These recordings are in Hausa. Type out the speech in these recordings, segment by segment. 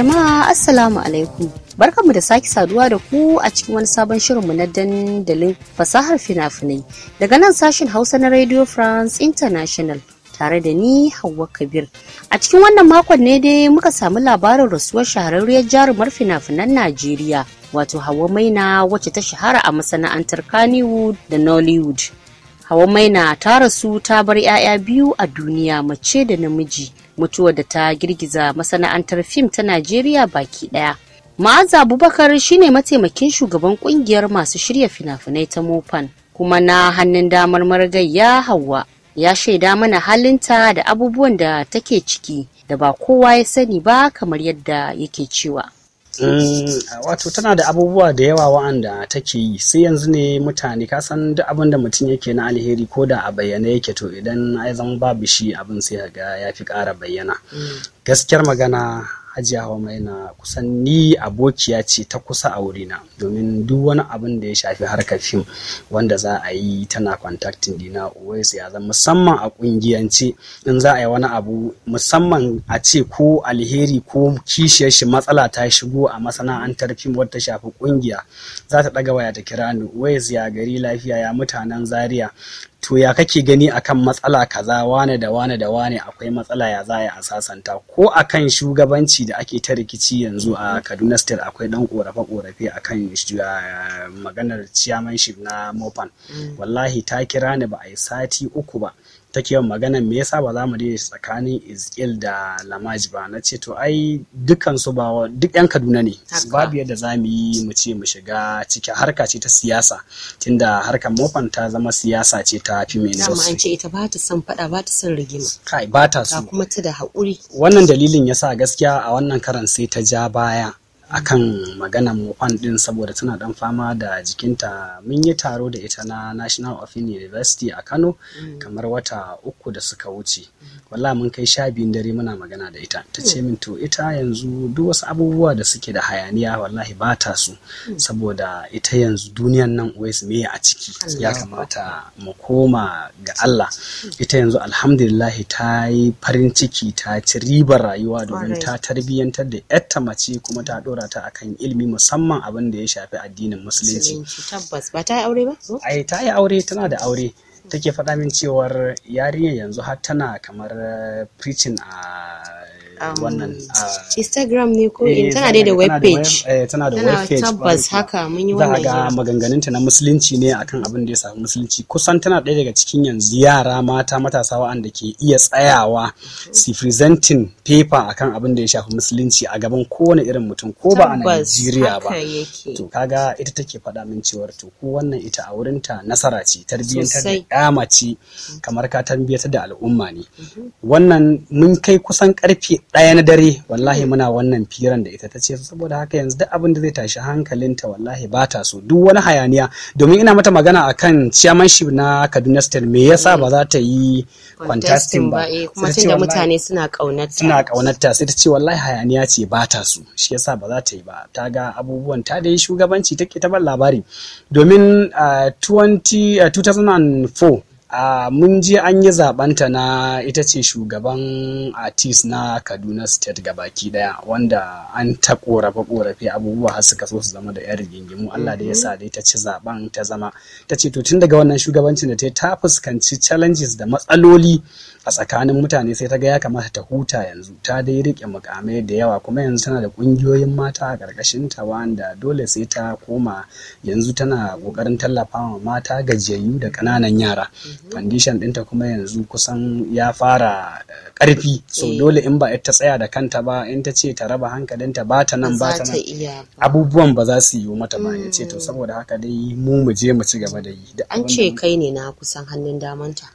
Jama'a Assalamu alaikum. Barkanmu da sake saduwa da ku a cikin wani sabon shirinmu na dandalin fasahar fina-finai daga nan sashen Hausa na Radio France International tare da ni Hauwa Kabir. A cikin wannan makon ne dai muka samu labarin rasuwar shahararriyar jarumar fina-finan Najeriya wato Hauwa Maina wacce ta shahara a masana'antar Kannywood da Nollywood. Hawa Maina ta rasu ta bar 'ya'ya biyu a duniya mace da namiji mutuwar da ta girgiza masana'antar fim ta Najeriya baki ɗaya. Ma'aza Abubakar shine mataimakin shugaban kungiyar masu shirya fina-finai ta Mofan. kuma na hannun damar ya Hauwa ya shaida mana halinta da abubuwan da take ciki da ba kowa ya sani ba kamar yadda yake cewa. Eh, wato tana da abubuwa da yawa wa'anda take yi sai yanzu ne mutane ka san duk abin da mutum yake na alheri ko da a bayyana yake to idan ai zama babu shi abin sai ga ya fi ƙara bayyana mm. gaskiyar magana hajiya hawa maina kusan ni abokiya ce ta kusa a wurina domin duk wani abin da ya shafi harkar fim wanda za a yi tana contacting dina Uwai ya zama musamman a kungiyance in za a yi wani abu musamman a ce ko alheri ko kishiyar shi matsala ta shigo a masana'antar fim wadda shafi kungiya za ta daga waya ta kira ni ya gari lafiya ya mutanen zaria to ya kake gani akan matsala kaza wane da wane da wane akwai matsala ya za a sasanta ko akan shugabanci da ake ta rikici yanzu a kaduna state akwai dan korafe korafe akan eh, maganar chairmanship na mopan mm. wallahi ta kira ni ba a yi sati uku ba take yawan magana me yasa ba za mu daina tsakanin Izkil da Lamaji ba na ce to ai dukkan su ba duk yan Kaduna ne babu yadda za mu yi mu ce mu shiga ciki harka ce ta siyasa tunda harkar mofan ta zama siyasa ce ta fi mai Dama an ce ita ba ta son fada ba ta son rigima. Kai ba ta so. kuma ta da haƙuri. Wannan dalilin yasa gaskiya a wannan karan sai ta ja baya akan maganan kwan din saboda tana dan fama da jikinta mun yi taro da ita na national of university a kano mm. kamar wata uku da suka wuce wallahi mun kai sha biyun dare muna magana da ita ta ce mm. min to ita yanzu duk wasu abubuwa da suke da hayaniya wallahi ba ta su mm. saboda ita yanzu duniyan nan always me a ciki ya kamata mu koma ga Allah ita yanzu alhamdulillah ta yi farin ciki ta ci ribar rayuwa domin ta tarbiyyantar da yatta mace kuma ta dora ɗora ta akan ilimi musamman abin da ya shafi addinin musulunci tabbas ba ta yi aure ai ta yi aure tana da aure take faɗa min cewar yarinya yanzu har tana kamar uh, preaching a Um, wannan ah, Instagram ne ko in eh, eh, tana dai da web page tana da eh, web page tabbas haka mun yi wannan ga maganganun ta na musulunci ne akan abin da ya samu musulunci kusan tana ɗaya daga cikin yanzu yara mata matasa waɗanda ke iya tsayawa mm-hmm. si presenting paper akan abin da ya shafi musulunci a gaban kowane irin mutum ko ba a Najeriya ba to kaga ita take faɗa min cewar to ko wannan ita a wurinta nasara ce tarbiyyantar da ya mace kamar ka tarbiyyantar da al'umma ne mm-hmm. wannan mun kai kusan karfe ɗaya na dare wallahi muna wannan firan da ita ta ce saboda haka yanzu duk abin da zai tashi hankalinta wallahi ba ta so duk wani hayaniya domin ina mata magana akan shi na Kaduna State me yasa ba za ta yi contesting ba eh, kuma da mutane suna kaunarta suna kaunarta sai ta ce wallahi hayaniya ce ba ta so shi yasa ba za ta yi ba ta ga abubuwan ta da shugabanci take ta ban labari domin 2004 ah, Uh, mun je an yi zabanta na ita ce shugaban artist na kaduna state ga baki daya wanda an ta korafe korafe abubuwa har suka so su zama da yan rigingimu allah da ya sa dai ta ci zaben ta zama ta ce to tun daga wannan shugabancin da ta ta fuskanci challenges da matsaloli a tsakanin mutane sai ta ga ya kamata ta huta yanzu ta dai rike mukamai da yawa kuma yanzu tana da ƙungiyoyin mata a karkashin ta wanda dole sai ta koma yanzu tana kokarin tallafawa mata gajiyayyu da kananan yara condition ɗinta kuma yanzu kusan ya fara eh, ƙarfi so eh. dole in ba ta tsaya da kanta ba in ta ce ta raba hankalinta ba ta nan ba ta nan abubuwan ba za su yi mata ba ya ce to mm. saboda haka dai mu mu je mu ci gaba da yi an ce kai ne na kusan hannun damanta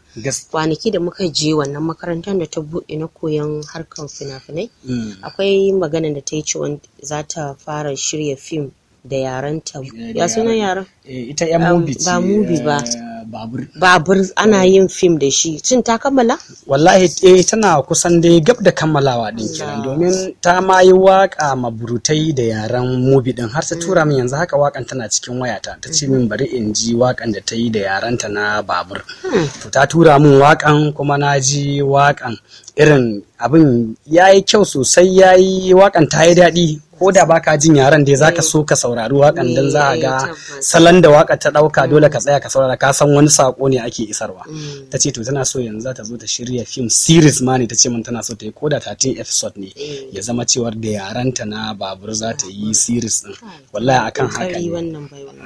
kwanaki da muka je wannan makarantar da ta buɗe na koyon harkar fina-finai mm. akwai maganar da ta yi ciwon za ta fara shirya fim da yaren ta ya sunan yaren eh, ita yan mubi ba mubi ba eh, babur ana eh. yin fim da shi cin ta kammala wallahi eh tana kusan dai gab da kammalawa din kiran. domin ta ma yi waka maburutai da yaren mubi din har ta tura min yanzu haka wakan tana cikin wayata ta ce min bari in ji wakan da ta yi da yaren ta na babur hmm. to ta tura min wakan kuma na ji wakan irin abin ya yi kyau sosai ya yi wakan ta yi daɗi ko da baka jin yaren dai zaka so ka saurari wakan dan za ga eh, salon da waka ta dauka mm. dole ka tsaya ka saurara ka san wani sako ne ake isarwa mm. ta ce to tana so yanzu za ta zo ta shirya film series ma ne ta ce mun tana so ta yi koda 13 episode ne eh. ya zama cewar da yaren ta na babur za ta yi series din wallahi akan haka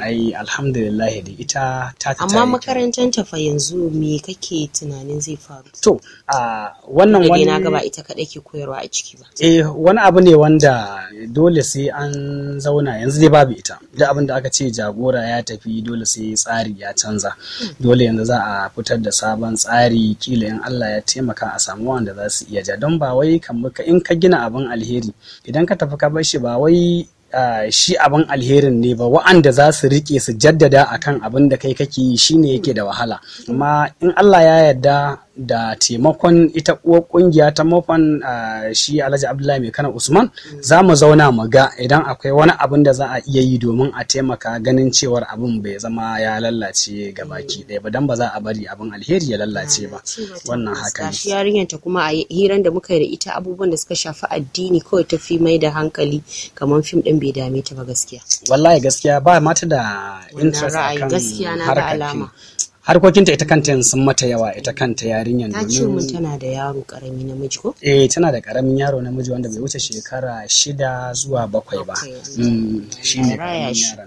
ai alhamdulillah da ita ta amma makarantar ta fa yanzu me kake tunanin zai faru to a wannan wani na gaba ita kadai ke koyarwa a ciki ba eh wani abu ne wanda dole sai an zauna yanzu dai babu ita da abin da aka ce jagora ya tafi dole sai tsari ya canza dole yanzu za a fitar da sabon tsari kila in Allah ya taimaka a samu wanda za su iya ja don ba wai ka in ka gina abin alheri idan ka tafi ka bar shi ba wai shi abin alherin ne ba wa'anda za su rike su jaddada akan abin da kai kake yi shine yake da wahala amma in Allah ya yarda da taimakon ita uwar kungiya ta mafan shi alhaji abdullahi mai kana usman mm. za mu zauna mu ga idan akwai wani abin da za a iya yi domin a taimaka ganin cewar abin bai zama ya lallace ga baki mm. ɗaya ba don ba za a bari abin alheri ya lallace ba wannan haka shi yarinyar ta kuma a hiran da muka yi da ita abubuwan da suka shafi addini kawai ta fi mai da hankali kamar fim ɗin bai dame ta ba gaskiya wallahi gaskiya ba mata da interest akan harkar harkokinta ita kanta sun mata yawa ita kanta yarinyar ta ce mun tana da yaro karami namiji ko eh tana da karamin yaro namiji wanda bai wuce shekara shida zuwa bakwai ba mm, shi ne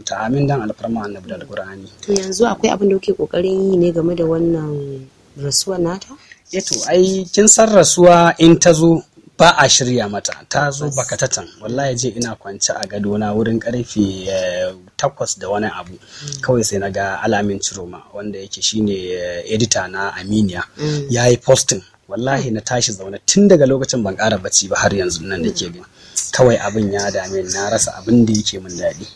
ta? amin dan alfarma annabi da alqur'ani to yanzu akwai abin da kuke kokarin yi ne game da wannan rasuwa nata eh to ai kin san rasuwa in ta zo ba a shirya mata ta zo bakatatan wallahi je ina kwance a gadona wurin karfe eh, takwas da wani abu kawai sai na ga alamin ciroma wanda yake shine eh, edita na aminiya mm. ya yi postin wallahi na tashi zaune tun daga lokacin ban ƙara bacci ba har yanzu nan da ke kawai abin ya dame na rasa abin da yake min daɗi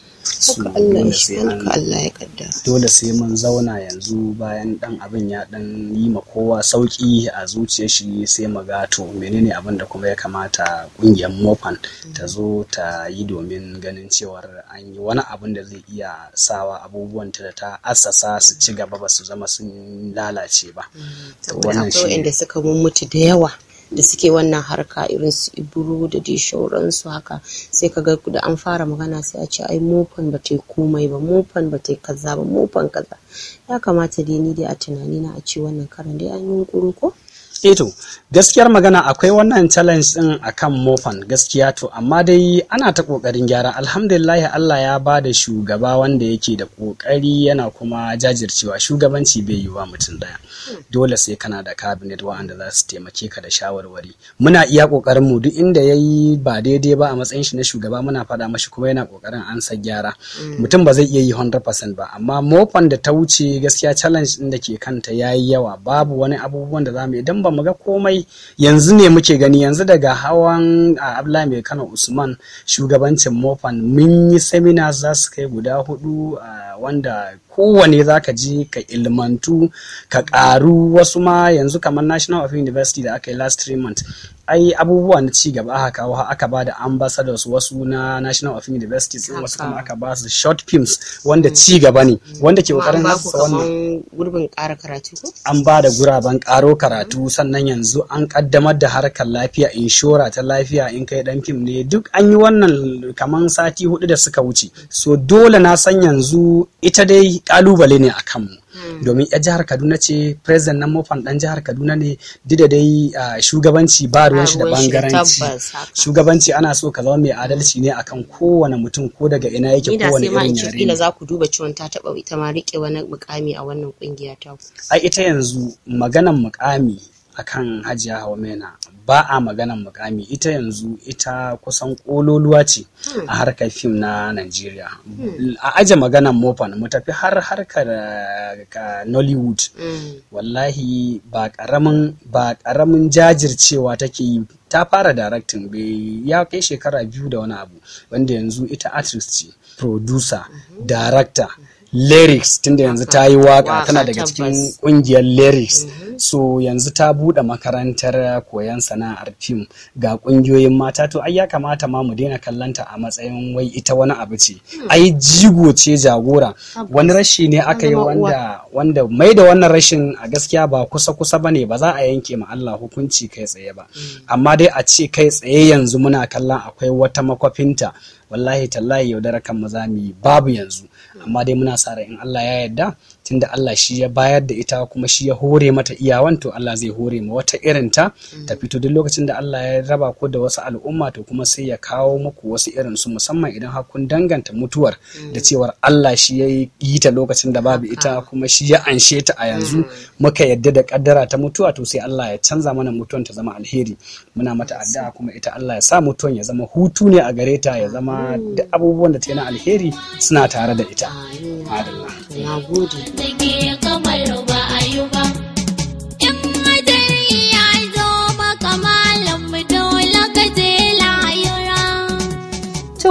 dole sai mun zauna yanzu bayan dan abin ya dan yi ma kowa sauki a zuciyar shi sai mu ga to menene abin da kuma ya kamata kungiyar mofan ta zo ta yi domin ganin cewar an yi wani abin da zai iya sawa abubuwan ta ta assasa su ci gaba ba su zama sun lalace ba. Mm. Saboda akwai inda suka mutu da yawa. da suke wannan harka irin su iburu da dai shauransu haka sai ka ga da an fara magana sai a ce ai mofan ba ta yi komai ba mofan ba ta yi kaza ba mofan kaza ya kamata dai ni dai a tunanina a ce wannan karan dai an yi ko eto eh gaskiyar magana akwai wannan challenge din akan mofan gaskiya to amma dai ana ta kokarin gyara alhamdulillah Allah ya ba da shugaba wanda yake da kokari yana kuma jajircewa shugabanci bai yi wa mutum daya dole sai kana da cabinet wa'anda za su taimake ka da shawarwari muna iya kokarin mu duk inda yayi ba daidai ba a matsayin shi na shugaba muna faɗa mashi kuma yana kokarin ansa gyara mm. mutum ba zai iya yi 100% ba amma mofan da ta wuce gaskiya challenge din da ke kanta yayi yawa babu wani abubuwan da zamu yi dan ba mu ga komai yanzu ne muke gani yanzu daga hawan abla mai kano usman shugabancin mofan mun yi seminars za su kai guda hudu wanda kowane za ka ji ka ilmantu ka karu wasu ma yanzu kamar national of university da aka yi last three months ai abubuwa na ci gaba aka kawo aka ba da ambassadors wasu na National of Universities wasu kuma aka ba su short films wanda mm. ci gaba ne wanda ke kokarin haska wannan gurbin ƙara karatu an ba da guraben ƙaro karatu sannan yanzu an kaddamar da harkar lafiya inshora ta lafiya in kai dan fim ne duk an yi wannan kaman sati hudu da suka wuce so dole na san yanzu ita dai kalubale ne a kanmu Hmm. domin ya jihar kaduna ce president na mofan dan jihar kaduna ne dida dai shugabanci ba ruwan shi da bangaranci shugabanci ana so ka zama mai adalci ne akan kowane mutum ko daga ina yake kowane irin yare ne za ku duba ciwon ta taba ita ma rike wani mukami a wannan kungiya ta ai ita yanzu maganan mukami akan hajiya hawa mena ba a maganan mukami ita yanzu ita kusan kololuwa ce a hmm. harkar fim na Najeriya. Hmm. A aje maganan mofan mu tafi har harkar Nollywood. Hmm. Wallahi ba karamin jajircewa take yi ta fara directing bai ya kai shekara biyu da wani abu wanda yanzu ita artist ce producer mhm. director lyrics tunda yanzu ta yi waka tana daga cikin kungiyar lyrics mm-hmm. so yanzu ta bude makarantar koyon sana'ar fim ga kungiyoyin mata to ai ya kamata ma mu daina kallanta a matsayin wai ita wani abu ce hmm. ai jigo ce jagora wani rashi ne aka yi wanda wanda mai da wannan rashin a gaskiya ba kusa kusa bane ba za a yanke ma Allah hukunci kai tsaye ba hmm. amma dai a ce kai tsaye yanzu muna kallon akwai wata makwafinta wallahi tallahi yaudara kan mu yi babu yanzu amma dai muna sa in Allah ya yarda tunda Allah shi ya bayar da ita kuma shi ya hore mata iyawan to Allah zai hore ma wata irin ta ta mm. fito duk lokacin da Allah ya raba ku da wasu al'umma to kuma sai ya kawo muku wasu irin su musamman idan har kun danganta mutuwar mm. da cewar Allah shi ya yi ta lokacin da babu ita kuma shi ya anshe ta a yanzu mm. muka yadda da kaddara ta mutuwa to sai Allah ya canza mana mutuwar ta zama alheri muna mata addu'a kuma ita Allah ya sa mutuwan ya zama hutu ne a gare ta ya zama duk abubuwan da ta yi na alheri suna tare da ita. gode.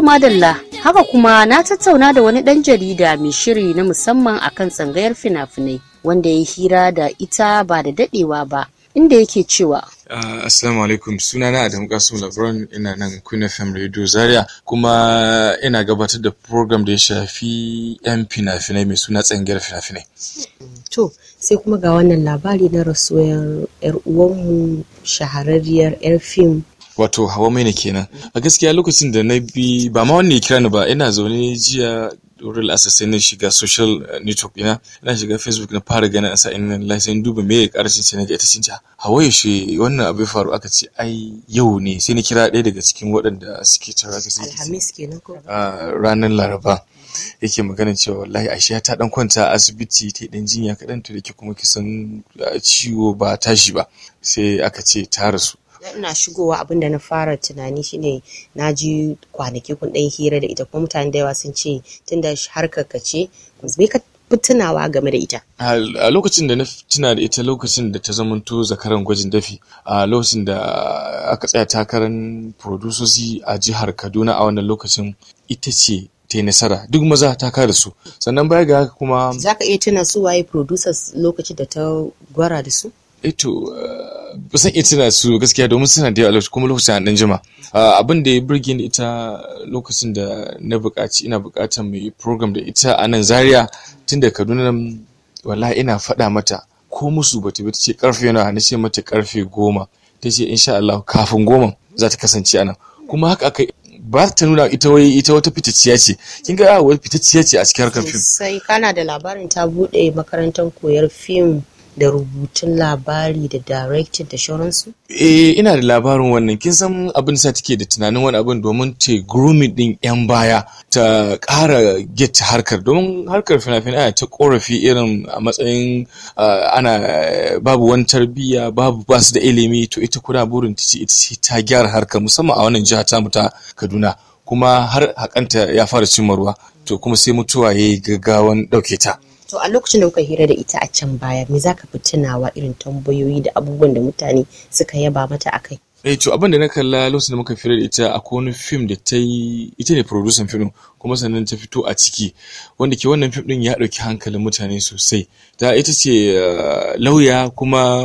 madalla haka kuma na tattauna da wani ɗan jarida mai shiri na musamman akan tsangayar fina-finai wanda ya hira da ita ba da daɗewa ba inda yake cewa Uh, Assalamu alaikum na Adam Kasim Lebron ina nan Queen FM Radio Zaria kuma ina gabatar da program da ya shafi yan fina-finai mai suna tsangiyar fina-finai. To sai kuma ga wannan labari na rasuwar yar uwanmu shahararriyar yar fim wato hawa mai kenan a gaskiya lokacin da na bi ba ma ya kira ni ba ina zaune jiya real access sai na shiga social eh, network ina ina shiga facebook na fara ganin a sa'in nan lai sai duba me ya karshen ga naga ita cinca hawa yaushe wannan abu ya faru aka ce ai yau ne sai na kira ɗaya daga cikin waɗanda suke tara ka sai alhamis ah, ranar laraba yake magana cewa wallahi ashe ta dan kwanta a asibiti ta dan jinya kaɗan to da ke kuma kisan ah, ciwo ba tashi ba sai aka ce ta rasu ina shigowa abin da na fara tunani shine na ji kwanaki kun ɗan hira da ita kuma mutane da yawa sun ce tunda harkar ka ce me ka fi tunawa game da ita a lokacin da na tuna da ita lokacin da ta zamanto zakaran gwajin dafi a lokacin da aka tsaya takarar producers a jihar kaduna a wannan lokacin ita ce ta yi nasara duk maza ta kare su sannan baya ga haka kuma za ka iya tuna su waye producers lokacin da ta gwara da su eto eh eh, ba san iya tuna su gaskiya domin suna da yawa kuma lokacin a dan jima eh, abin da ya burge ni ita lokacin da na buƙaci ina buƙatar mai program da ita a nan zaria tun da kaduna wala ina faɗa mata ko musu ba ta ce karfe na na ce mata karfe goma ta ce insha Allah kafin goma za ta kasance nan kuma haka aka ba ta nuna ita wai ita wata fitacciya ce kin ga wata fitacciya ce a cikin harkar fim sai kana da labarin ta buɗe makarantar koyar fim da rubutun labari da directed da shauransu? Eh ina da labarin wannan kin san abin sa take da tunanin wani abin domin ta grooming din yan baya ta ƙara get harkar domin harkar fina-finai ta korafi irin a matsayin ah, ana eh, babu wani tarbiyya babu basu da ilimi to ita kuna burin ta ce ita ta gyara harkar musamman a wannan jiha ta mu ta Kaduna kuma har hakanta ya fara cimma ruwa to kuma sai mutuwa ya yi gaggawan ɗauke ta. to a lokacin da kuka hira da ita a can baya me zaka fi tunawa irin tambayoyi da abubuwan da mutane suka yaba mata akai eh to abin da na kalla lokacin da muka fira da ita a wani fim da ta yi ita ne producer fim kuma sannan ta fito a ciki wanda ke wannan fim din ya ɗauki hankalin mutane sosai ta ita ce eh, lauya kuma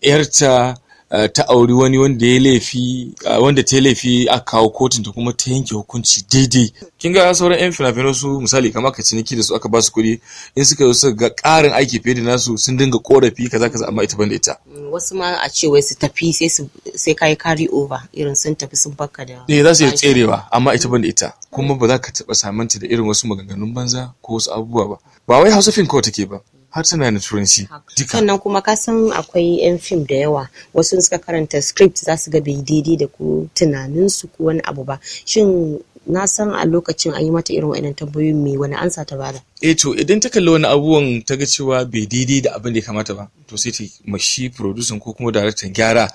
yarta Eh, ta auri wani wanda ya laifi eh, wanda ta laifi a kawo kotun ta kuma ta yanke hukunci daidai kin ga sauran yan fina su misali kamar ka ciniki da su aka ba su kuɗi in suka zo suka ga ƙarin aiki fiye da nasu sun dinga korafi kaza kaza amma ita da ita mm, wasu ma a ce wai su tafi sai su sai kai carry over irin sun tafi sun baka da ne eh, za su iya tserewa amma ita da ita kuma ba za ka taɓa samanta da irin wasu maganganun banza ko wasu abubuwa ba ba wai Hausa fin ko take ba harsuna na turanci duka sannan kuma ka san akwai yan fim da yawa wasu suka karanta script za su ga bai daidai da ku tunaninsu ko wani abu ba shin na san a lokacin an yi mata irin wa'annan tambayoyin me wani ansa ta bada eh to idan ta kalli wani abubuwan ta ga cewa bai daidai da abin da ya kamata ba to sai ta mashi producing ko kuma daraktan gyara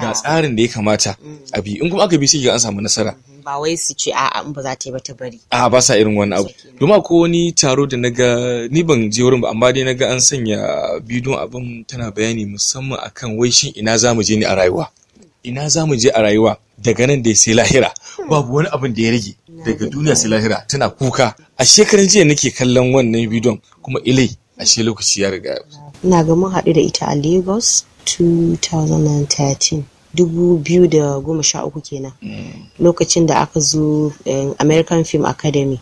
ga tsarin da ya kamata a bi in kuma aka bi sai ga an samu nasara mm, ba wai su ce a'a in ba za ta yi ba ta bari a ba sa irin wani abu domin ko wani taro da naga ni ban je wurin ba amma dai naga an sanya bidon abin tana bayani musamman akan wai shin ina zamu je ni a rayuwa ina za mu je a rayuwa daga nan da sai lahira hmm. babu wani abin da ya rage daga duniya sai lahira tana kuka a shekaran jiya nake kallon wannan bidiyon kuma ilai ashe lokaci ya riga ina ga mun haɗu da ita a lagos 2013 2013 kenan hmm. lokacin da aka zo eh, american film academy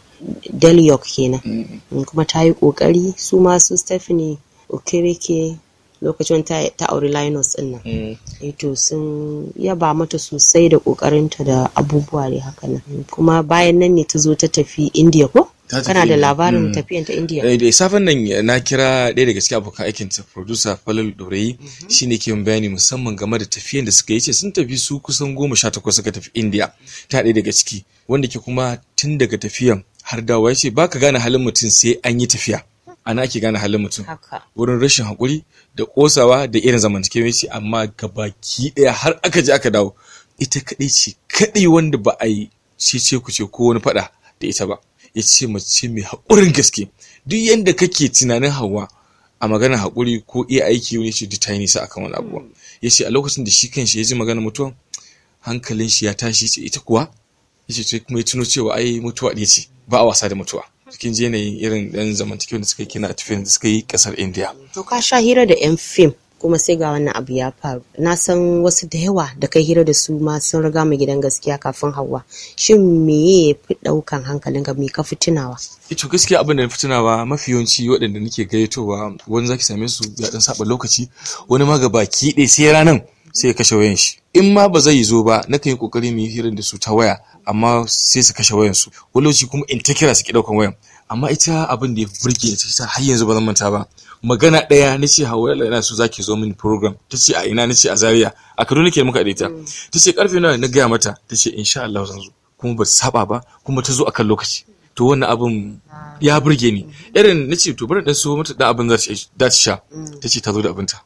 del york kenan hmm. kuma ta yi ƙoƙari su masu stephanie okereke lokacin ta auri linus din nan mm. eh to sun yaba mata sosai da kokarinta da abubuwa ne haka nan kuma bayan nan ne ta zo ta tafi india ko kana da labarin mm. tafiyan ta indiya eh, da safin nan na kira ɗaya daga cikin abokan aikin ta producer falal dorayi mm-hmm. shine ke bayani musamman game da tafiyan da suka yi ce sun tafi su kusan goma sha takwas suka tafi indiya ta ɗaya daga ciki wanda ke kuma tun daga tafiyan har dawo ya ce baka gane halin mutum sai an yi tafiya ana ake gane halin mutum wurin rashin hakuri da ƙosawa, da irin zamantakewa ce amma baki ɗaya har aka je aka dawo ita kaɗai ce kadai wanda ba a yi ce ku ce ko wani faɗa da ita ba ya ce mace mai haƙurin gaske duk yadda kake tunanin hawa a maganar haƙuri ko iya aiki wani ce duk ta yi nisa akan wani abuwa hmm. ya ce a lokacin da shi kanshi ya ji maganar mutuwa hankalin shi ya tashi ce ita kuwa ya ce kuma ya tuno cewa ai mutuwa ne ce ba a wasa da mutuwa cikin yanayin irin 'yan zamantakewa da suka yi kina tafiya da suka yi ƙasar indiya to ka sha hira da yan fim kuma sai ga wannan abu ya faru na san wasu da yawa da kai hira da su ma sun riga mu gidan gaskiya kafin hawa shin meye ya fi ɗaukan hankalin ga me ka fitinawa tunawa ito eh gaskiya abin da na fi tunawa mafi yawanci waɗanda nake gayyatowa wani zaki same su ya ɗan saba lokaci wani ma ga baki ɗaya sai ranan sai kashe wayan shi in ma ba zai zo ba na kan yi kokari mu yi hirin da su ta waya amma sai su kashe wayan su wani kuma in ta kira su ki daukan wayan amma ita abin da ya burge ta ta har yanzu ba zan manta ba magana ɗaya na ce hawa yana so zaki zo mini program ta ce a ina na ce a zaria a kaduna ke muka ta mm. ta ce karfe nawa na gaya mata ta ce insha Allah zan zo kuma ba saba ba kuma ta zo akan lokaci to wani abin ya burge ni irin na ce to bari dan so mata dan abin za ta sha mm. ta ce ta zo da abinta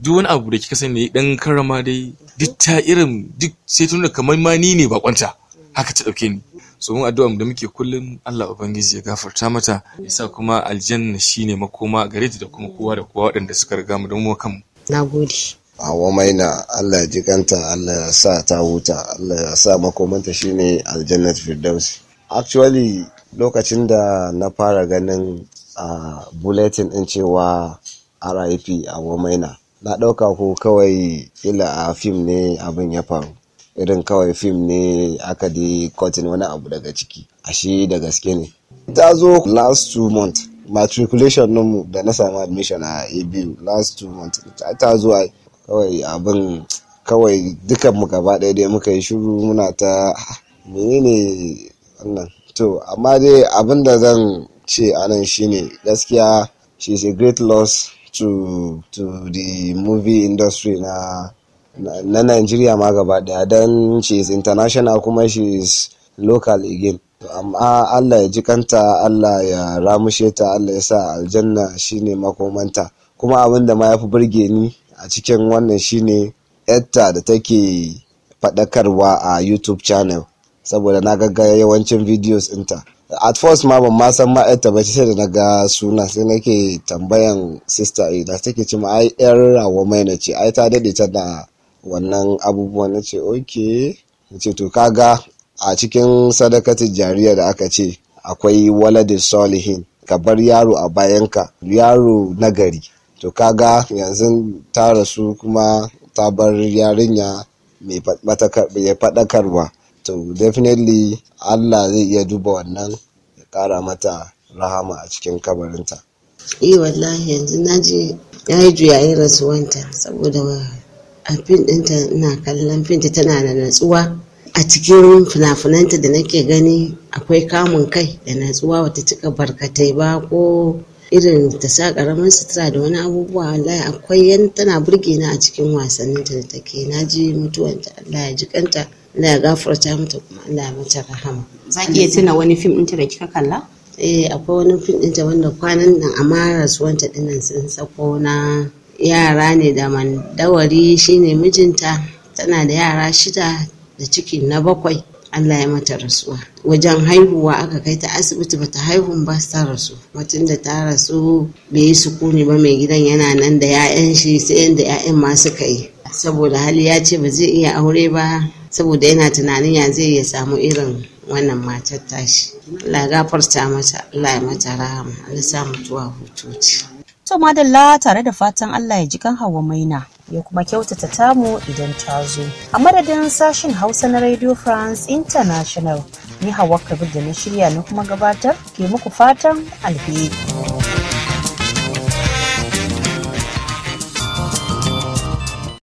duk wani abu da kika sani dan karama dai duk ta irin duk sai tun da kamar ma ni ne bakonta haka ta dauke ni so mun addu'a da muke kullum Allah ubangiji ya gafarta mata yasa kuma aljanna shine makoma gare da kuma kowa da kowa waɗanda suka riga mu da mu kan nagode hawa maina Allah ya jikanta Allah ya sa ta huta Allah ya sa makomanta shine aljannat firdausi actually lokacin da na fara ganin a bulletin din cewa rip a womaina na ɗauka ko kawai ila a fim ne abin ya faru irin kawai fim ne aka di cotton wani abu daga ciki a shi da gaske ne ta zo last two months matriculation mu da na samu admission a abu last two months ta zo kawai abin kawai dukan mu gaba ɗaya muka yi shiru muna ta ah, menene to amma dai abin da zan ce anan shine gaskiya she is a great loss to to the movie industry na na Nigeria ma gaba daya dan she is international kuma she is local again amma Allah ya jikanta Allah ya ramushe ta Allah ya sa aljanna shine makomanta kuma abin da ma ya fi burge ni a cikin wannan shine yatta da take faɗakarwa a YouTube channel saboda na ga yawancin videos ɗinta at first ma ban ma san ma ba sai da na ga suna sai nake tambayan sister ina eh, take ce ma ai yar rawa mai na ce ai ta dade tana wannan abubuwan na ce OK, na ce to kaga a cikin sadakatin jariya da aka ce akwai waladin solihin ka bar yaro a bayan ka, yaro nagari to kaga yanzu ta rasu kuma ta bar yarinya mai faɗakarwa to definitely Allah zai iya duba wannan ya ƙara mata rahama a cikin kabarinta E wallahi yanzu na ji ya yi yi rasuwanta saboda a fin ɗinta ina kallon finta tana da natsuwa a cikin fina-finanta da nake gani akwai kamun kai da natsuwa wata cika barkatai ba ko irin ta sa karamin sutura da wani abubuwa wallahi akwai yan tana burge na a cikin wasanninta da take na ji mutuwanta Allah ya ji kanta Allah ya gafarta mata kuma Allah ya mata rahama za ki iya tuna wani fim ɗinta da kika kalla eh akwai wani fim ɗinta wanda kwanan nan amara suwanta ɗinnan sun sako na yara ne da mandawari shine mijinta tana da yara shida da ciki na bakwai Allah ya mata rasuwa wajen haihuwa aka kai ta asibiti bata haihu ba ta rasu mutum da ta rasu bai yi sukuni ba mai gidan yana nan da 'ya'yan shi sai yadda 'ya'yan ma suka yi saboda hali ya ce ba zai iya aure ba saboda yana tunanin ya zai iya samu irin wannan matar tashi Allah gafarta mata Allah ya mata rahama Allah sa mutuwa hutuci to madalla tare da fatan Allah ya ji kan hawa maina ya kuma kyautata tamu idan ta zo a madadin sashin hausa na radio france international ni hawa kabir da na shirya na kuma gabatar ke muku fatan alheri